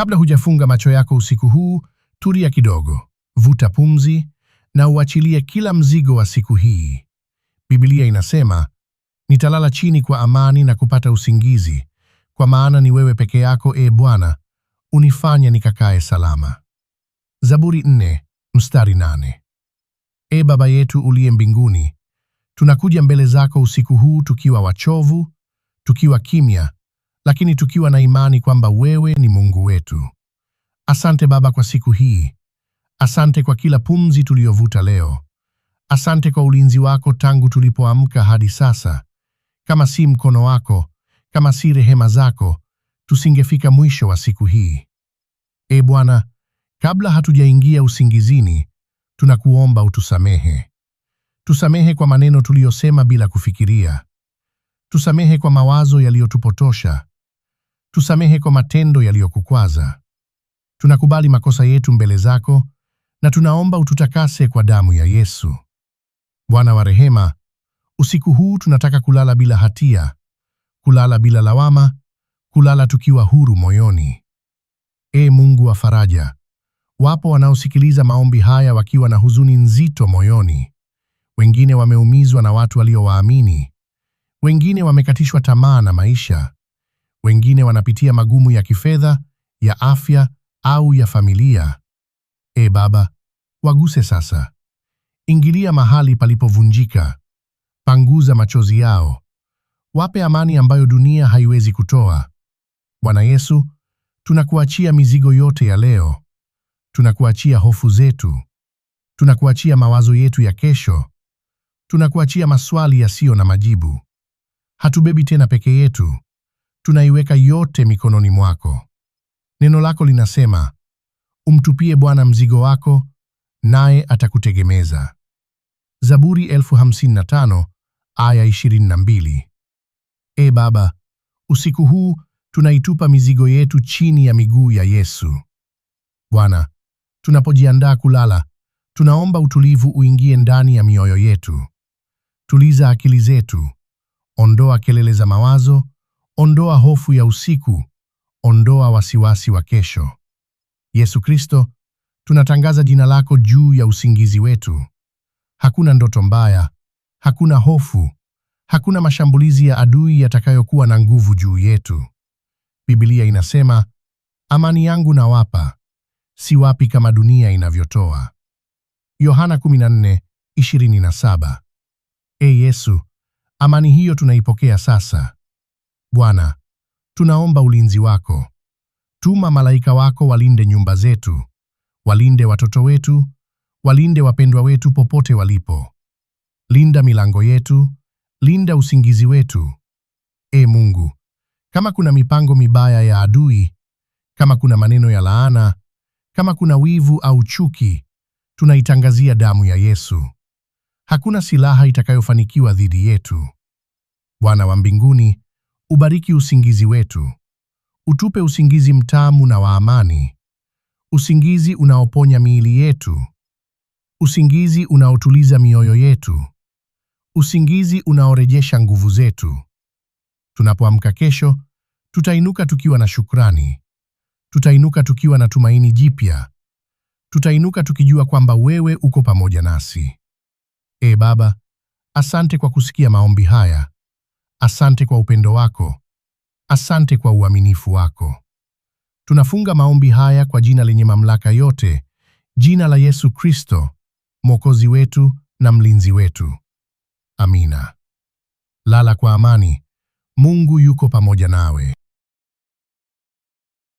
Kabla hujafunga macho yako usiku huu, tulia kidogo, vuta pumzi na uachilie kila mzigo wa siku hii. Biblia inasema, nitalala chini kwa amani na kupata usingizi, kwa maana ni wewe peke yako, e Bwana, unifanya nikakae salama. Zaburi nne, mstari nane. E Baba yetu uliye mbinguni, tunakuja mbele zako usiku huu tukiwa wachovu, tukiwa kimya lakini tukiwa na imani kwamba wewe ni Mungu wetu. Asante Baba kwa siku hii. Asante kwa kila pumzi tuliyovuta leo. Asante kwa ulinzi wako tangu tulipoamka hadi sasa. Kama si mkono wako, kama si rehema zako, tusingefika mwisho wa siku hii. E Bwana, kabla hatujaingia usingizini, tunakuomba utusamehe. Tusamehe kwa maneno tuliyosema bila kufikiria. Tusamehe kwa mawazo yaliyotupotosha. Tusamehe kwa matendo yaliyokukwaza. Tunakubali makosa yetu mbele zako na tunaomba ututakase kwa damu ya Yesu. Bwana wa rehema, usiku huu tunataka kulala bila hatia, kulala bila lawama, kulala tukiwa huru moyoni. E Mungu wa faraja, wapo wanaosikiliza maombi haya wakiwa na huzuni nzito moyoni. Wengine wameumizwa na watu waliowaamini, wengine wamekatishwa tamaa na maisha. Wengine wanapitia magumu ya kifedha, ya afya au ya familia. E Baba, waguse sasa. Ingilia mahali palipovunjika, panguza machozi yao, wape amani ambayo dunia haiwezi kutoa. Bwana Yesu, tunakuachia mizigo yote ya leo, tunakuachia hofu zetu, tunakuachia mawazo yetu ya kesho, tunakuachia maswali yasiyo na majibu. Hatubebi tena peke yetu, tunaiweka yote mikononi mwako. Neno lako linasema, umtupie Bwana mzigo wako, naye atakutegemeza. Zaburi 1055 aya 22. E Baba, usiku huu tunaitupa mizigo yetu chini ya miguu ya Yesu. Bwana, tunapojiandaa kulala, tunaomba utulivu uingie ndani ya mioyo yetu. Tuliza akili zetu, ondoa kelele za mawazo Ondoa hofu ya usiku, ondoa wasiwasi wa kesho. Yesu Kristo, tunatangaza jina lako juu ya usingizi wetu. Hakuna ndoto mbaya, hakuna hofu, hakuna mashambulizi ya adui yatakayokuwa na nguvu juu yetu. Biblia inasema, amani yangu nawapa, siwapi kama dunia inavyotoa. Yohana 14:27. E ee Yesu, amani hiyo tunaipokea sasa. Bwana, tunaomba ulinzi wako. Tuma malaika wako walinde nyumba zetu, walinde watoto wetu, walinde wapendwa wetu popote walipo. Linda milango yetu, linda usingizi wetu. E Mungu, kama kuna mipango mibaya ya adui, kama kuna maneno ya laana, kama kuna wivu au chuki, tunaitangazia damu ya Yesu. Hakuna silaha itakayofanikiwa dhidi yetu. Bwana wa mbinguni, Ubariki usingizi wetu, utupe usingizi mtamu na wa amani, usingizi unaoponya miili yetu, usingizi unaotuliza mioyo yetu, usingizi unaorejesha nguvu zetu. Tunapoamka kesho, tutainuka tukiwa na shukrani, tutainuka tukiwa na tumaini jipya, tutainuka tukijua kwamba wewe uko pamoja nasi. Ee Baba, asante kwa kusikia maombi haya Asante kwa upendo wako. Asante kwa uaminifu wako. Tunafunga maombi haya kwa jina lenye mamlaka yote, jina la Yesu Kristo, Mwokozi wetu na mlinzi wetu. Amina. Lala kwa amani. Mungu yuko pamoja nawe.